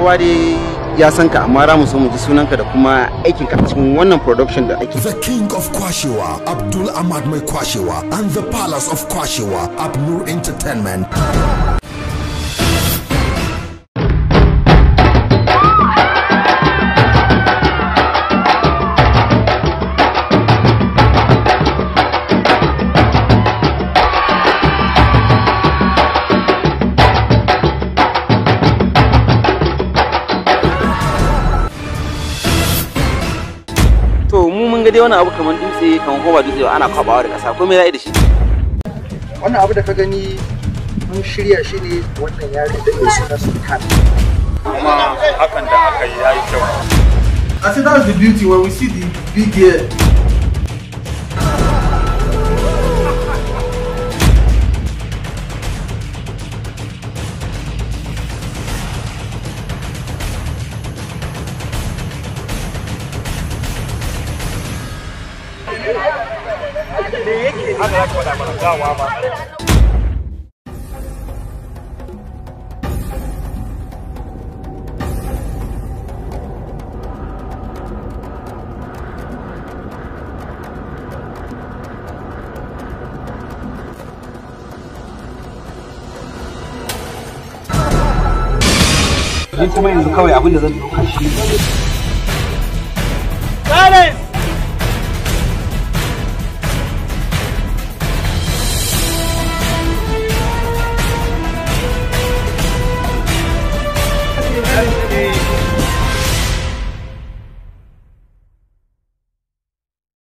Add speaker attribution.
Speaker 1: kowa dai ya san ka amma ramu so mu ji sunanka da kuma aikin ka cikin wannan production da ake
Speaker 2: The King of Kwashewa Abdul Ahmad Mai Kwashewa and the Palace of Kwashewa Abnur Entertainment
Speaker 3: to mu mun ga dai wani abu kamar dutse kamar kuma dutse ana kwabawa da ƙasa ko me za yi da shi
Speaker 4: wannan abu da ka gani mun shirya shi ne wannan yari da ke suna sultan
Speaker 5: kuma hakan da aka yi ya yi kyau I said that's the beauty when we see the big year.
Speaker 6: me
Speaker 7: yake haka za ka faɗa mana gawa
Speaker 6: Ni yanzu kawai abin da zan ɗauka